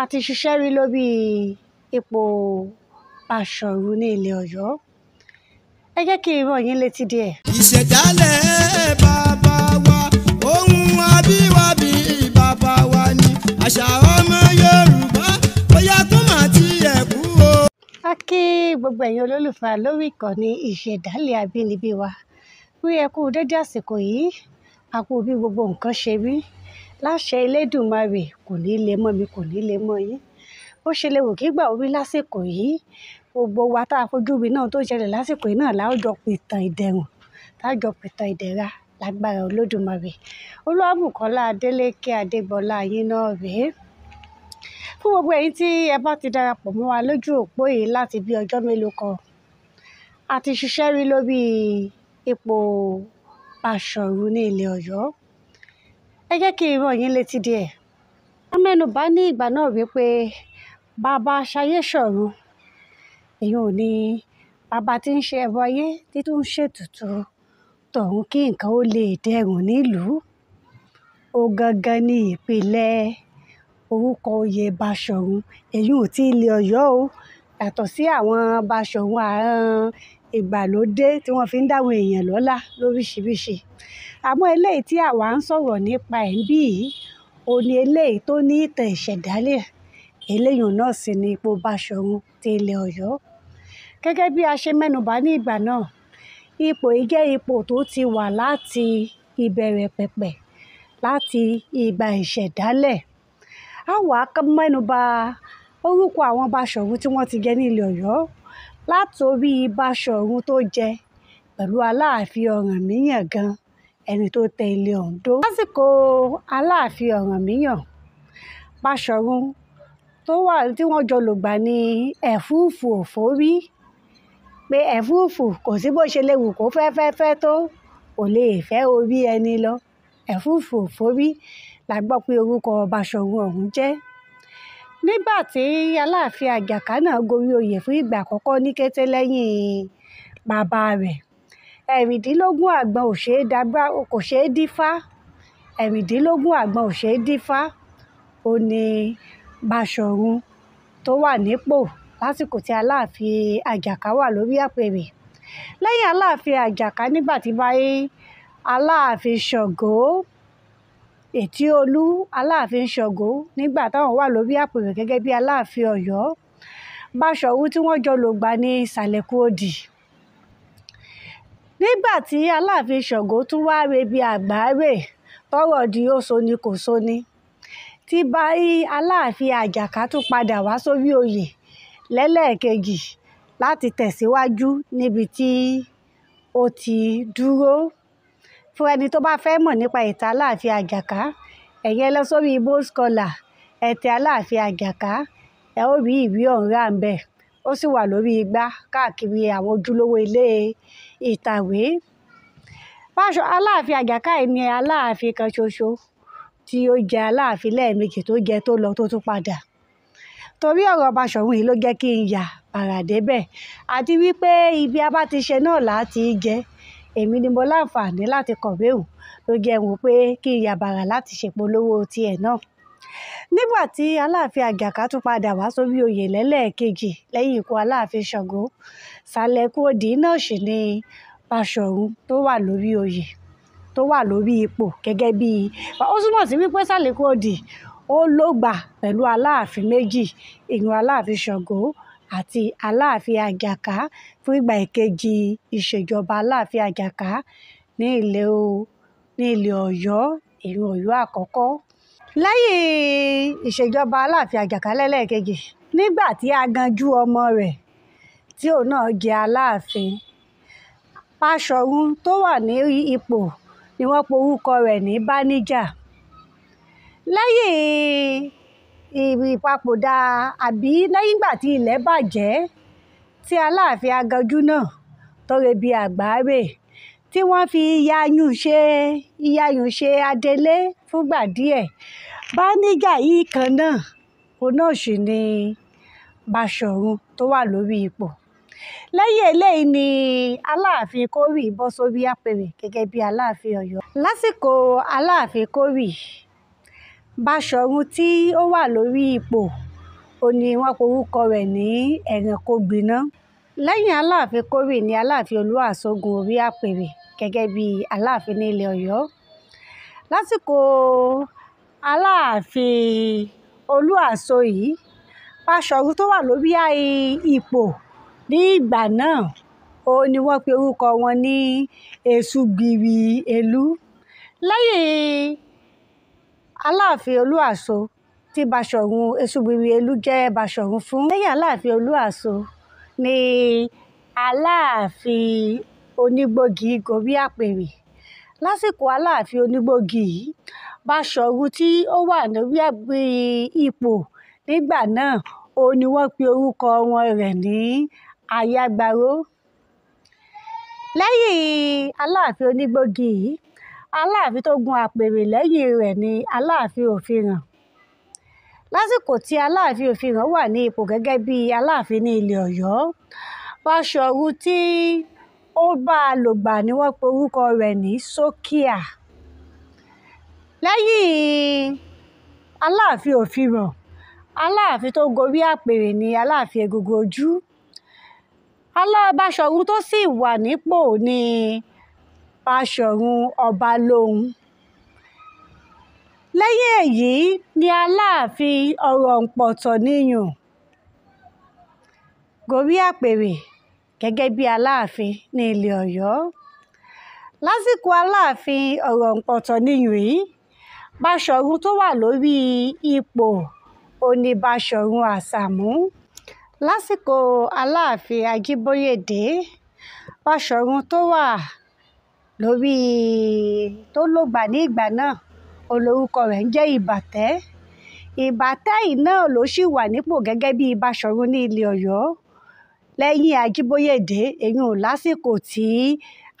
a ti ṣiṣẹ́ rí lórí ipò Báṣọ̀run ní ilẹ̀ Ọ̀yọ́ ẹ jẹ́ kí n rán yín létí díẹ̀. ìṣẹ̀dálẹ̀ bàbá wa ohun abíwábí bàbá wa ni àṣà ọmọ Yorùbá bóyá tó máa ti ẹ̀ kú o. a kí gbogbo ẹ̀yin olólùfẹ́ lórí ìkànnì ìṣẹ̀dálẹ̀ abínibí wa wí ẹ kú dédé àsìkò yìí àpò bí gbogbo nǹkan ṣe rí láṣẹ elédùmarè kò ní í lè mọ́ mi kò ní í lè mọ́ yín bó ṣe lè wù kí gbà orí lásìkò yìí gbogbo wa tá a fojú mi náà tó ṣẹlẹ̀ lásìkò yìí náà láwùjọ pìtàn ìdẹ̀rùn láwùjọ pìtàn ìdẹ̀ra lágbára olódùmarè olúwàbùkọ́lá adélékè adégbọlá yín náà rèé fún gbogbo ẹ̀yin tí ẹ bá ti darapọ̀ mọ́ wa lójú òpó yìí láti bí ọjọ́ mélòó kan a ti ṣiṣẹ́ rí lórí ipò Báṣọ̀run ní ilẹ̀ Ọ̀yọ́ ẹ jẹ́ kí n rán yín létí díẹ̀. wọ́n mẹ́nu bà ní ìgbà náà wípé bàbá ṣayé ṣọ̀run èyí ò ní bàbá tí ń ṣe ẹbọ ayé títún ṣètùtù tọ̀hún kí nǹkan ó lè dẹrùn nílùú ó gangan ní ìpìlẹ̀ orúkọ oyè Báṣọ̀run èyí ò tí ilẹ̀ Ọ̀yọ́ o yàtọ̀ sí àwọn Báṣọ̀run àrán ìgbàlódé tí wọ́n fi ń dáwọn èèyàn lọ́lá lóríṣiríṣi àmọ́ eléyìí tí àwa ń sọ̀rọ̀ nípa ẹ̀ níbí yìí òun ni eléyìí tó ní ìtàn ìṣẹ̀dálẹ̀ eléyìí náà sì ni ipò Báṣọ̀run ti ilẹ̀ Ọ̀yọ́ gẹ́gẹ́ bí a ṣe mẹ́nubà ní ìgbà náà ipò yìí jẹ́ ipò tó ti wà láti ìbẹ̀rẹ̀ pẹ̀pẹ̀ láti ìgbà ìṣẹ̀dálẹ̀ a wàá orúkọ àwọn Báṣọ̀run tí wọ́n ti jẹ ní ilẹ̀ Ọ̀yọ́ látòrí báṣọ̀run tó jẹ pẹ̀lú aláàfin ọ̀rànmíyàn gan ẹni tó tẹ ilé Oǹdó. lásìkò aláàfin ọ̀rànmíyàn báṣọ̀run tó wà tí wọ́n jọ lògbà ní ẹ̀fúùfù òfórí pé ẹ̀fúùfù kò sí bó ṣe lè wù kó fẹ́fẹ́fẹ́ tó kò lè fẹ́ orí ẹni lọ ẹ̀fúùfù òfórí la gbọ́ pé orúkọ báṣọ̀run ọ̀hún jẹ́ nígbà tí aláàfin àjàká náà gorí oyè fún ìgbà àkọ́kọ́ ní kété lẹ́yìn bàbá rẹ̀ ẹ̀rìndínlógún àgbọn kò ṣeé dífá ẹ̀rìndínlógún àgbọn ò ṣeé dífá ó ní Báṣọ̀run tó wà nípò lásìkò tí aláàfin àjàká wà lórí àpèrè lẹ́yìn aláàfin àjàká nígbà tí báyìí aláàfin ṣọ̀gọ́ ètíolú aláàfin ṣògo nígbà táwọn wà lórí àpèrè gẹ́gẹ́ bí aláàfin ọ̀yọ́ báṣọ̀run tí wọ́n jọ lògbà ní ìsàlẹ̀kùodì nígbà tí aláàfin ṣògo tún wá rebi àgbáre tọrọ di ó soni kò soni tí báyìí aláàfin àjàká tún padà wá sórí oyè lẹ́lẹ́ẹ̀kejì láti tẹ̀síwájú níbi tí ó ti dúró fún ẹni tó bá fẹ́ mọ̀ nípa ìtàn aláàfin àjàká ẹ̀yẹn lọ sórí ibo scholar ẹ̀tẹ̀ aláàfin àjàká ẹ̀ ó rí ìwé ọ̀hún rà ń bẹ̀ ó sì wà lórí igbá káàkiri àwọn ojúlówó ilé ìtàwé fáṣọ aláàfin àjàká yìí ni aláàfin kan ṣoṣo tí ó jẹ aláàfin lẹ́ẹ̀mejì tó jẹ tó lọ tó tún padà torí ọ̀rọ̀ Baṣọ̀run yìí ló jẹ́ kí n yà bàrà débẹ̀ àti wípé ibi a bá ti ṣe náà là á èmi ni mo láǹfààní láti kọ̀wé hùn ló jẹ́ wò pé kí n yàbàrà láti ṣèpolówó tiẹ̀ náà nígbà tí aláàfin àjàká tún padà wá sórí oyè lẹ́lẹ́ẹ̀kejì lẹ́yìn ikú aláàfin ṣàngó ṣàlẹ̀kùn òdì náà sì ni báṣọ̀run tó wà lórí oyè tó wà lórí ipò gẹ́gẹ́ bí ó túmọ̀ sí wípé ṣàlẹ̀kùn òdì ó lògbà pẹ̀lú aláàfin méjì ìyẹn aláàfin ṣàngó àti Aláàfin Àjàká fún ìgbà ìkejì ìṣèjọba Aláàfin Àjàká ní ilẹ̀ ní ilẹ̀ Ọ̀yọ́ ìlú Ọ̀yọ́ àkọ́kọ́. lẹ́yìn ìṣèjọba Aláàfin Àjàká lẹ́lẹ́ẹ̀kejì nígbà tí Aganjú ọmọ rẹ̀ tí òun náà jẹ́ Aláàfin Fáṣọ̀run tó wà ní ipò ni wọ́n porúkọ rẹ̀ ní Báníjà lẹ́yìn ìpapòdà àbí lẹ́yìn ìgbà tí ilẹ̀ bàjẹ́ tí aláàfin aganjú náà tọrẹ bí àgbáre tí wọ́n fi iyayùn ṣe iyayùn ṣe adelé fúngbà díẹ̀ báníjà yìí kan náà òun náà sì ni Báṣọ̀run tó wà lórí ipò lẹ́yìn eléyìí ni aláàfin Kórì bọ́ sórí àpèrè gẹ́gẹ́ bí aláàfin Ọ̀yọ́ lásìkò aláàfin Kórì báṣọ̀run tí ó wà lórí ipò ó ní wọ́n porúkọ rẹ̀ ní ẹranko gbiná lẹ́yìn aláàfin kórè ní aláàfin olúwaṣógun orí àpèrè gẹ́gẹ́ bí aláàfin ní ilẹ̀ ọ̀yọ́ lásìkò aláàfin olúwaṣọ yìí báṣọ̀run tó wà lórí ipò ní ìgbà náà ó ní wọ́n pe orúkọ wọn ní èṣùgbìrì èlú lẹ́yìn aláàfin olúàṣọ tí báṣọ̀run èṣùbìwìẹ́lú jẹ́ báṣọ̀run fún lẹ́yìn aláàfin olúàṣọ ni aláàfin onígbògi gorí àpèrè lásìkò aláàfin onígbògi yìí báṣọ̀run tí ó wà lórí àgbè ipò nígbà náà òun ni wọ́n pe orúkọ wọn rẹ̀ ní ayágbáró lẹ́yìn aláàfin onígbògi yìí aláàfin tó gun àpèrè lẹ́yìn rẹ̀ ní aláàfin òfìràn lásìkò tí aláàfin òfìràn wà ní ipò gẹ́gẹ́ bí aláàfin ní ilẹ̀ ọ̀yọ́ Báṣọ̀run tí ó bá a lògbà ni wọ́n pe orúkọ rẹ̀ ní Sókíà lẹ́yìn aláàfin òfìràn aláàfin tó gorí àpèrè ní aláàfin egungun ojú aláàbáṣọ̀run tó sì wà nípò ní. Ni báṣọ̀run ọbalóhùn lẹ́yìn èyí ni aláàfin ọ̀rọ̀ǹpọ̀tọ̀ níyàn gorí àpèrè gẹ́gẹ́ bí aláàfin ní ilẹ̀ ọ̀yọ́ lásìkò aláàfin ọ̀rọ̀ǹpọ̀tọ̀ níyàn yìí báṣọ̀run tó wà lórí ipò òní báṣọ̀run àsàmú lásìkò aláàfin ajíbóyèdé báṣọ̀run tó wà lórí tó lògbà ní ìgbà náà olórúkọ rẹ̀ ń jẹ́ ìbàtẹ́ ìbàtẹ́ yìí náà ló sì wà nípò gẹ́gẹ́ bí ìbáṣọ̀run ní ilẹ̀ ọ̀yọ́ lẹ́yìn ajíbóyèdè èyun lásìkò tí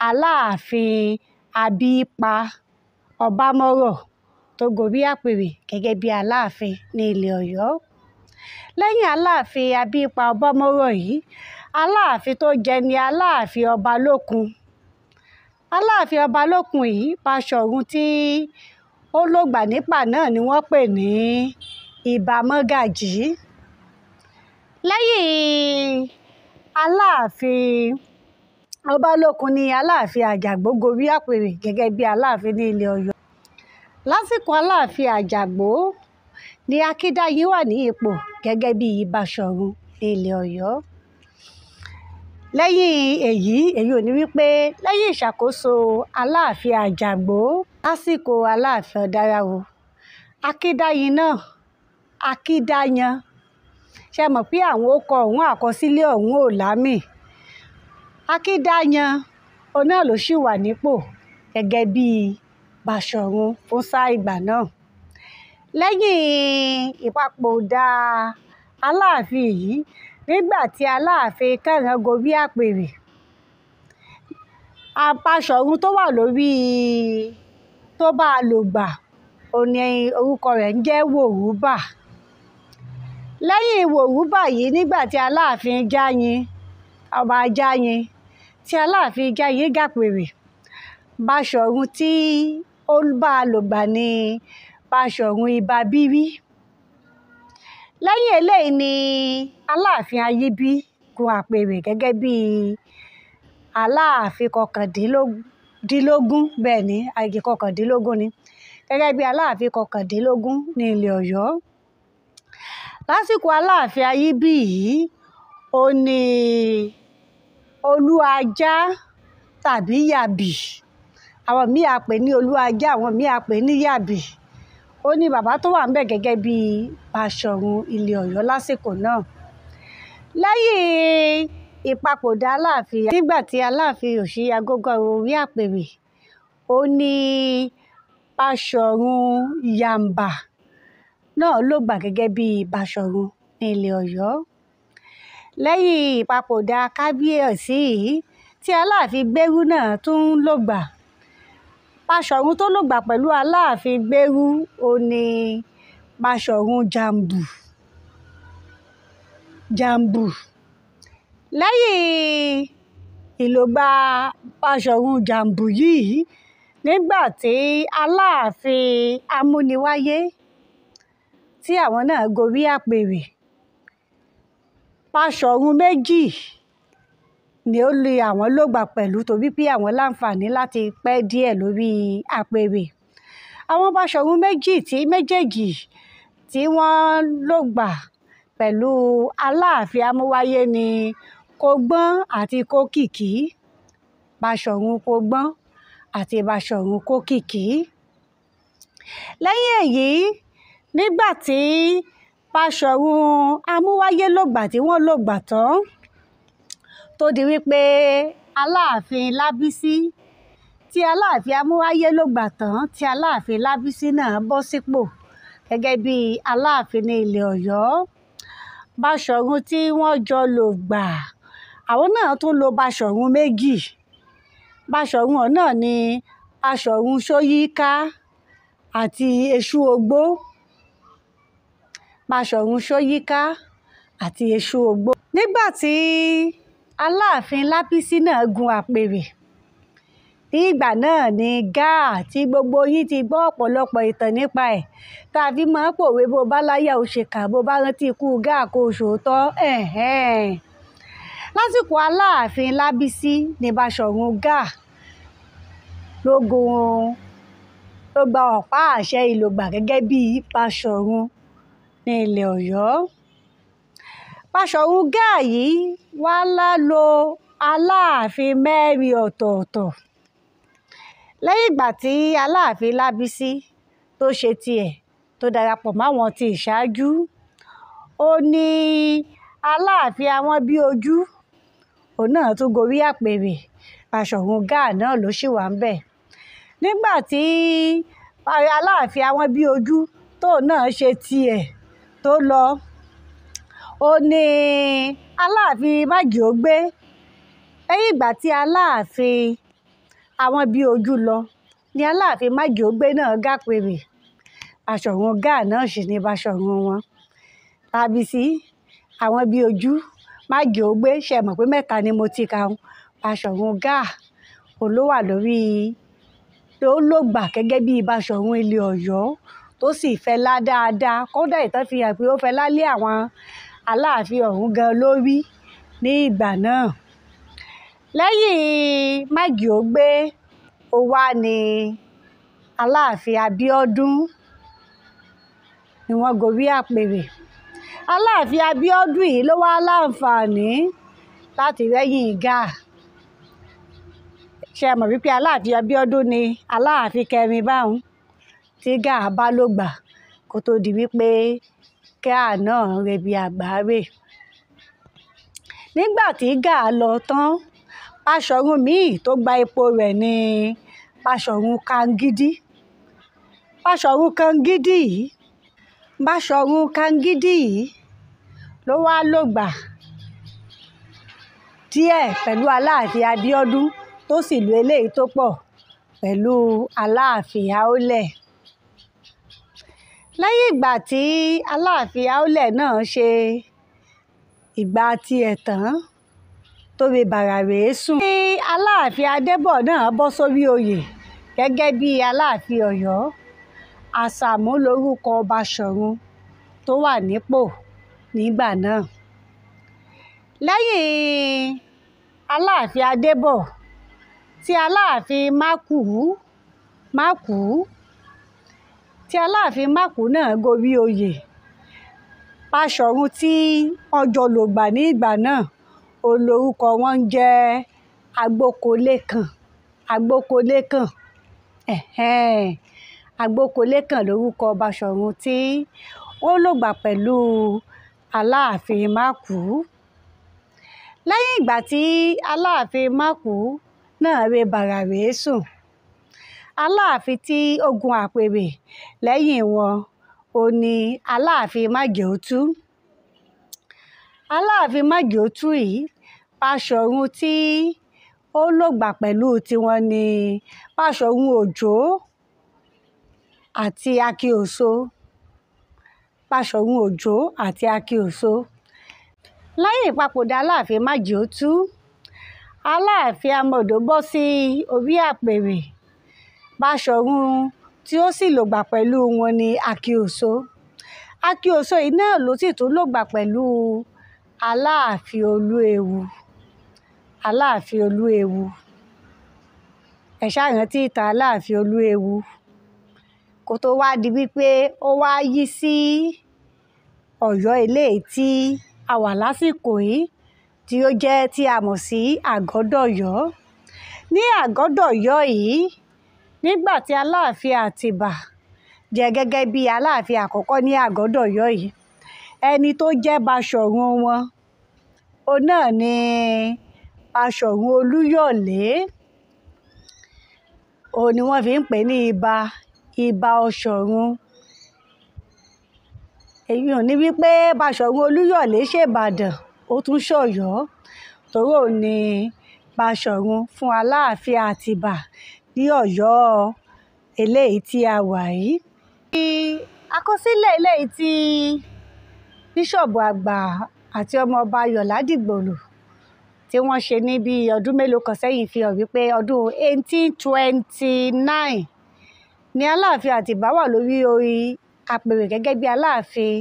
aláàfin abíyípa ọbámọ́rọ̀ tó gorí àpèrè gẹ́gẹ́ bí aláàfin ní ilẹ̀ ọ̀yọ́ lẹ́yìn aláàfin abíyípa ọbámọ́rọ̀ yìí aláàfin tó jẹ ní aláàfin ọba lókun aláàfin ọba lókun yìí báṣọ̀run tí ó lògbà nípà náà ni wọ́n pè ní ìbà mọ́gàjì lẹ́yìn aláàfin ọba lókun ni aláàfin àjàgbó gorí àpèrè gẹ́gẹ́ bí aláàfin ní ilẹ̀ ọ̀yọ́ lásìkò aláàfin àjàgbó ni akídáyé wà ní ipò gẹ́gẹ́ bí ìbáṣọ̀run ní ilẹ̀ ọ̀yọ́ lẹ́yìn èyí èyí ò ní wípé lẹ́yìn ìṣàkóso aláàfin àjàgbó lásìkò aláàfin ọ̀dàràwò akídáyin náà akídáyan ṣe mọ̀ pé àwọn okọ̀ ọ̀hún àkọsílẹ̀ ọ̀hún ò lámì akídáyan oná ló sì wà nípò gẹ́gẹ́ bíi Báṣọ̀run fún sáà ìgbà náà lẹ́yìn ìpapòdà aláàfin yìí nígbà tí aláàfin kẹ̀rángbórí àpèrè apasọ̀run tó wà lórí tó bá a lò gbà òní orúkọ rẹ̀ ń jẹ́ wòrúbà lẹ́yìn wòrúbà yìí nígbà tí aláàfin jáyin ọba jáyin tí aláàfin jáyin gàpèrè Baṣọ̀run tí ó bá a lò gbà ní Baṣọ̀run ibà bírí lẹ́yìn eléyìí ni aláàfin ayíbí gun àpèrè gẹ́gẹ́ bí aláàfin kọkàndínlógún bẹ́ẹ̀ ni àìkè kọkàndínlógún ni gẹ́gẹ́ bí aláàfin kọkàndínlógún ní ilẹ̀ ọ̀yọ́ lásìkò aláàfin ayíbí yìí ó ní olúajá tàbí yàbì àwọn míì á pè ní olúajá àwọn míì á pè ní yàbì ó ní bàbá tó wà ń bẹ̀ gẹ́gẹ́ bíi Báṣọ̀run ilé Ọ̀yọ́ lásìkò náà lẹ́yìn ìpapòdà aláàfin nígbà tí aláàfin Ọ̀ṣíyagógó orí àpèrè ó ní Báṣọ̀run Yàǹbà náà ló gbà gẹ́gẹ́ bíi Báṣọ̀run ní ilé Ọ̀yọ́ lẹ́yìn ìpapòdà kábíyèsí tí aláàfin gbérú náà tún ló gbà báṣọ̀run tó lògbà pẹ̀lú aláàfin gbérú òní báṣọ̀run jàǹbù jàǹbù lẹ́yìn ìlògbà báṣọ̀run jàǹbù yìí nígbà tí aláàfin amúniwáyé tí àwọn náà gorí àpèrè báṣọ̀run méjì ni ó lé àwọn lògbà pẹ̀lú torí pé àwọn láǹfààní láti pẹ́ díẹ̀ lórí àpèrè àwọn Báṣọ̀run méjì tí méjèèjì tí wọ́n lògbà pẹ̀lú Aláàfin Amúwáyé ni Kògbọ́n àti Kókìkí Báṣọ̀run Kògbọ́n àti Báṣọ̀run Kókìkí lẹ́yìn èyí nígbà tí Báṣọ̀run Amúwáyé lògbà tí wọ́n lògbà tán tó di wípé aláàfin lábísí tí aláàfin amúwáyé ló gbà tán tí aláàfin lábísí náà bọ́ sípò gẹ́gẹ́ bí aláàfin ní ilẹ̀ ọ̀yọ́ báṣọ̀run tí wọ́n jọ lò gbà àwọn náà tún lo báṣọ̀run méjì báṣọ̀run ọ̀ náà ni aṣọ̀run ṣóyíká àti èṣù ogbó báṣọ̀run ṣóyíká àti èṣù ogbó nígbà tí aláàfin lábísí náà gun àpèrè ìgbà náà ní gáà tí gbogbo yín ti gbọ́ ọ̀pọ̀lọpọ̀ ìtàn nípa ẹ̀ tá a fi máa ń pòwe bó bá láyà ó ṣe kà bó bá rántí ikú gáà kó ṣòótọ́ lásìkò aláàfin lábísí ní Baṣọ̀run gáà ló gun ló gba ọ̀pá àṣẹ ìlògbà gẹ́gẹ́ bíi Baṣọ̀run ní ilẹ̀ Ọ̀yọ́ fàṣọ̀hún gáàyí wàá lo aláàfin mẹ́rin ọ̀tọ̀ọ̀tọ̀ lẹ́yìn ìgbà tí aláàfin lábísí tó ṣe tiẹ̀ tó darapọ̀ máwọn ti ìṣáájú ó ní aláàfin àwọn bíi ojú òun náà tún gorí àpèrè fàṣọ̀hún gáà náà ló ṣì wà ń bẹ̀ nígbà tí eh, aláàfin àwọn bíi ojú tóun náà ṣe tiẹ̀ tó lọ ó ní aláàfin májíògbé lẹ́yìn ìgbà tí aláàfin àwọn bíi ojú lọ ni aláàfin májíògbé náà gàpèrè Báṣọ̀run gáà náà sì ni Báṣọ̀run wọn Tábìsí àwọn bíi ojú májíògbé ṣe mọ̀ pé mẹ́ta ni mo ti kà ń Báṣọ̀run gáà òun ló wà lórí ó ló gbà gẹ́gẹ́ bíi Báṣọ̀run ilé Ọ̀yọ́ tó sì fẹlá dáadáa kódà ìtàn fi hàn pé ó fẹlá lé àwọn aláàfin ọ̀hún gan ló wí ní ìgbà náà lẹ́yìn mágì ó gbé ó wá ní aláàfin abíọ́dún ni wọ́n gorí àpèrè aláàfin abíọ́dún yìí ló wá láǹfààní láti rẹ́yìn ìgà ṣe mọ̀ wípé aláàfin abíọ́dún ni aláàfin kẹrin báwọn tí gà bá ló gbà kó tó di wípé kẹ́ àná rẹ̀ bí àgbáre nígbà tí gáà lọ tán Baṣọ̀run míì tó gba ipò rẹ̀ ní Baṣọ̀run Kangidi Baṣọ̀run Kangidi yìí Baṣọ̀run Kangidi yìí ló wá lògbà díẹ̀ pẹ̀lú Aláàfin Abíọ́dún tó sì lu eléyìí tó pọ̀ pẹ̀lú Aláàfin Aólẹ̀ lẹ́yìn ìgbà tí aláàfin aulẹ̀ náà ṣe ìgbà tiẹ̀ tán tóbi bàrà rèé sùn. ní aláàfin adébọ̀ náà bọ́ sórí oyè gẹ́gẹ́ bí aláàfin ọ̀yọ́ àṣàmú lórúkọ ọba ṣọ̀run tó wà nípò nígbà náà. lẹ́yìn aláàfin adébọ̀ tí aláàfin mákùú mákùú tí aláàfin mákù náà gorí oyè Baṣọ̀run tí wọ́n jọ lògbà ní ìgbà náà olórúkọ wọn ń jẹ́ agbókolékàn agbókolékàn agbókolékàn lórúkọ Baṣọ̀run tí ó lògbà pẹ̀lú aláàfin mákù lẹ́yìn ìgbà tí aláàfin mákù náà re bàrà rèé sùn aláàfin tí ogun àpèrè lẹ́yìn wọn ò ní aláàfin májèótú aláàfin májèótú yìí Báṣọ̀run tí ó lògbà pẹ̀lú tiwọn ni Báṣọ̀run Òjó àti Akíòso Báṣọ̀run Òjó àti Akíòso lẹ́yìn ìpapòdà aláàfin májèótú aláàfin amọ̀dó bọ́ sí orí àpèrè Baṣọ̀run tí ó sì lògbà pẹ̀lú wọn ni Akíọ̀sọ. Akíọ̀sọ yìí náà ló sì tún lògbà pẹ̀lú Aláàfin Olúewu. Aláàfin Olúewu. Ẹ ṣáà ìtàn Aláàfin Olúewu. Kó tó wá di wípé ó wá yí sí Ọ̀yọ́ eléyìí tí a wà lásìkò yìí tí ó jẹ́ tí a mọ̀ sí Àgọ́dọ̀yọ́. Ní Àgọ́dọ̀yọ́ yìí nígbà tí aláàfin àtibá jẹ́ gẹ́gẹ́ bíi aláàfin àkọ́kọ́ ní àgọ́dọ̀yọ́ yìí ẹni tó jẹ́ báṣọ̀run wọn òun náà ni báṣọ̀run olúyọ̀lé òun ni wọ́n fi ń pè ní ibà ibà ọ̀ṣọ̀run èyí ò ní wípé báṣọ̀run olúyọ̀lé ṣèbàdàn ó tún ṣọ̀yọ́ tòró ni báṣọ̀run fún aláàfin àtibá ní ọ̀yọ́ eléyìí tí a wà yìí. àkọsílẹ̀ eléyìí tí bíṣọ̀bù àgbà àti ọmọọba ayọ̀lá dìgbòlù tí wọ́n ṣe ní bíi ọdún mélòó kan sẹ́yìn fi hàn wípé ọdún 1829 ni aláàfin àtìbá wà lórí orí àpèrè gẹ́gẹ́ bí aláàfin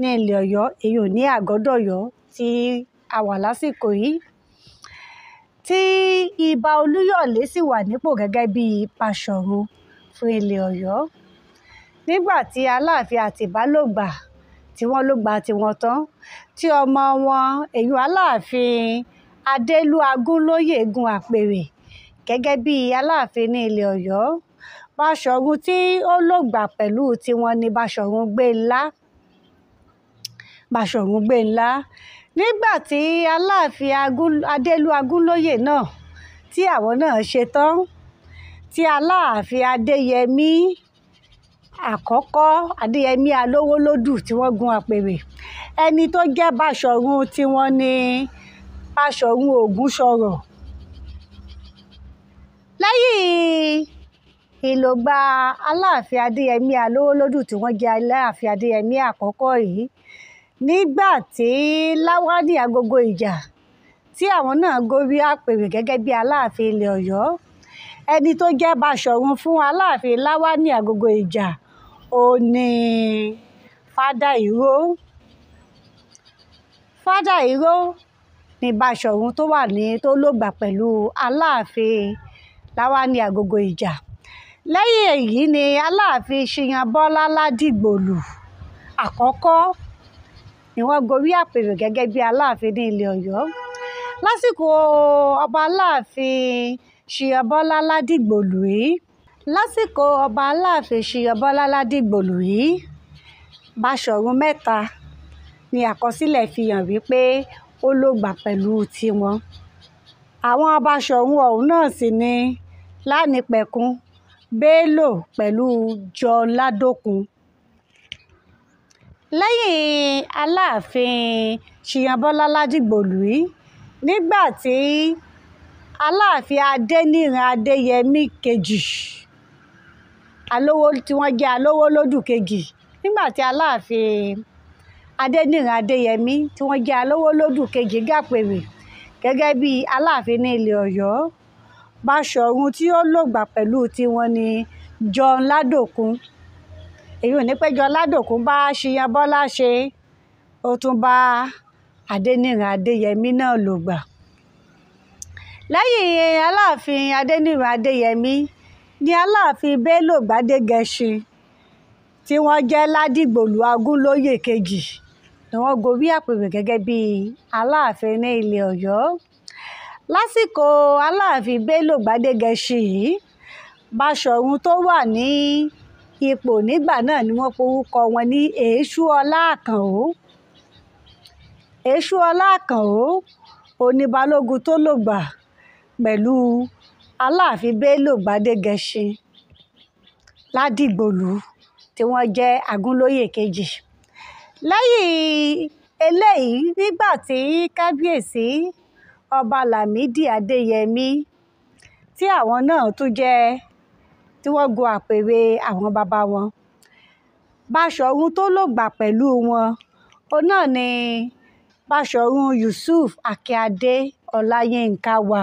ní ilẹ̀ ọ̀yọ́ èyí ò ní àgọ́dọ̀yọ́ tí a wà lásìkò yìí tí ibà olúyọ̀lé sì wà nípò gẹ́gẹ́ bíi pàṣọrò fún ilẹ̀ ọ̀yọ́ nígbà tí aláàfin àtìbá ló tí wọ́n ló gbà tí wọ́n tán tí ọmọ wọn èyí aláàfin adélú agúnlóyè gun àpèrè gẹ́gẹ́ bíi aláàfin ní ilẹ̀ ọ̀yọ́ báṣọ̀run tí ó lògbà pẹ̀lú tiwọn ni báṣọ̀run gbé ńlá báṣọ̀run gbé ńlá nígbà tí aláàfin adélú agúnlóye náà tí àwọn náà ṣe tán tí aláàfin adéyẹmí àkọ́kọ́ adéyẹmí alówólódù tí wọ́n gun àpèrè ẹni tó jẹ́ báṣọ̀run tí wọ́n ní báṣọ̀run ògúnṣọ̀rọ̀ lẹ́yìn ìlògbà aláàfin adéyẹmí alówólódù tí wọ́n jẹ́ aláàfin adéyẹmí àkọ́kọ́ yìí nígbà tí láwádì agogo ìjà tí àwọn náà gorí àpèrè gẹ́gẹ́ bí aláàfin ilẹ̀ ọ̀yọ́ ẹni tó jẹ́ Baṣọ̀run fún aláàfin láwádì agogo ìjà ò ní fada ìró fada ìró ní Baṣọ̀run tó wà ní tó lògbà pẹ̀lú aláàfin láwádì agogo ìjà lẹ́yìn èyí ni aláàfin ṣìyàn bọ́lá ládìgbòlù àkọ́kọ́ ni wọ́n gorí àpèrè gẹ́gẹ́ bí aláàfin ní ilẹ̀ ọ̀yọ́ lásìkò ọba aláàfin ṣiyọbọ́lá ládìgbòlù yìí lásìkò ọba aláàfin ṣiyọbọ́lá ládìgbòlù yìí báṣọ̀run mẹ́ta ni àkọsílẹ̀ fi hàn wípé ó lògbà pẹ̀lú tiwọn àwọn báṣọ̀run ọ̀hún náà sì ni lánìpẹ̀kun bello pẹ̀lú jọládòkun lẹ́yìn aláàfin ṣíyàbọ́lá ládìgbòlùí nígbà tí aláàfin adẹ́níran adéyẹmí kejì alówó tí wọ́n jẹ́ alówó lódù kejì nígbà tí aláàfin adẹ́níran adéyẹmí tí wọ́n jẹ́ alówó lódù kejì gàpèrè gẹ́gẹ́ bí aláàfin ní ilẹ̀ ọ̀yọ́ Báṣọ̀run tí ó lògbà pẹ̀lú tiwọn ni John Ládòkun èyí ò ní péjọ ládòkun bá ṣìyàn bọ́lá ṣe ó tún bá adẹniran adéyẹmí náà lò gbà lẹ́yìn aláàfin adẹniran adéyẹmí ni aláàfin bello gbadegẹṣin tí wọ́n jẹ́ ládìgbòlù agúnlóyè kejì ni wọ́n gorí àpèrè gẹ́gẹ́ bí aláàfin ní ilẹ̀ ọ̀yọ́ lásìkò aláàfin bello gbadegẹṣin yìí báṣọ̀run tó wà ní ipò nígbà náà ni wọ́n forúkọ wọn ní èésúọlá àkànó èésúọlá àkànó oníbalógun tó lògbà pẹ̀lú aláàfin bello gbadegẹṣin ládìgbòlù tí wọ́n jẹ́ agúnlóyè kejì lẹ́yìn eléyìí nígbà tí kábíyèsí ọba lámìdí adéyẹmí tí àwọn náà tún jẹ́ tí wọ́n go àpèrè àwọn bàbá wọn. Báṣọ̀run tó lògbà pẹ̀lú wọn òun náà ni Báṣọ̀run Yusuf Akíade Ọláyínká wà.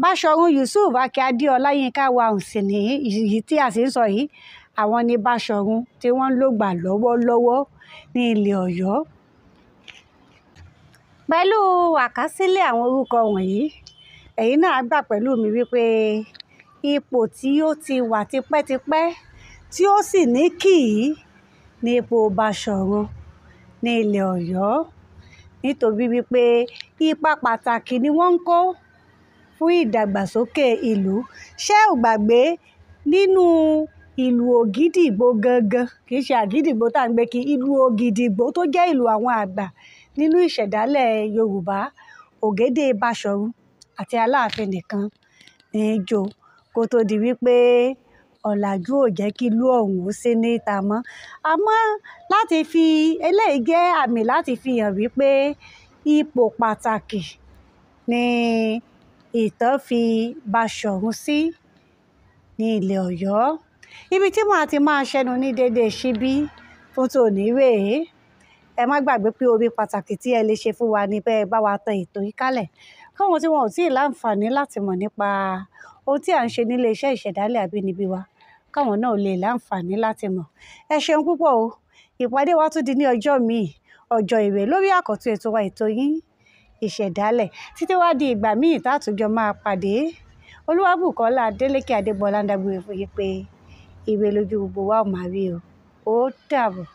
Báṣọ̀run Yusuf Akíade Ọláyínká wà sì ní èyí tí a sì ń sọ yìí àwọn ni Báṣọ̀run tí wọ́n ń lògbà lọ́wọ́lọ́wọ́ ní ilẹ̀ Ọ̀yọ́. Pẹ̀lú àkásílẹ̀ àwọn orúkọ wọ̀nyí ẹ̀yin náà á gbà pẹ̀lú mi wípé ipò tí ó ti wà tipẹ́tipẹ́ tí ó sì ní kìí ní ipò Báṣọ̀run ní ilẹ̀ Ọ̀yọ́ nítorí wípé ipa pàtàkì ni wọ́n ń kó fún ìdàgbàsókè ìlú. Ṣé ò gbàgbé nínú ìlú Ògìdìgbò gangan, kì í ṣe Àgídìgbo tá ń gbé kiri, ìlú Ògìdìgbò tó jẹ́ ìlú àwọn àgbà nínú ìṣẹ̀dálẹ̀ Yorùbá, Ògédé Báṣọ̀run àti Aláàfin nìkan ní í jó kó tó di wípé ọ̀làjú ò jẹ́ kí ìlú ọ̀hún ó sí níta mọ́ àmọ́ láti fi eléyìí jẹ́ àmì láti fi hàn wípé ipò pàtàkì ni ìtàn fi Báṣọ̀run sí ní ilẹ̀ Ọ̀yọ́ ibi tí màá ti máa ṣẹnu ní déédéé ṣíbí fún tòní rèé ẹ má gbàgbé pé orí pàtàkì tí ẹ lè ṣe fún wa ni bẹ́ẹ̀ bá wa tan ètò yìí kálẹ̀ káwọn tí wọn ò tí ì láǹfààní láti mọ̀ nípa ohun tí à ń ṣe nílé ìṣẹ̀dálẹ̀ àbínibí wa káwọn náà lè láǹfààní láti mọ̀ ẹ ṣeun púpọ̀ o ìpàdé wa tún di ní ọjọ́ míì ọjọ́ ìwé lórí àkọ́tún ètò wa ètò yín ìṣẹ̀dálẹ̀ títí wá di ìgbà míì tátùjọ máa pàdé olúwàbùkọ́lá adélékè adébọlá ń dágbére fún pé ìwé lójú gbogbo wa ò máa rí o ó dàbọ̀.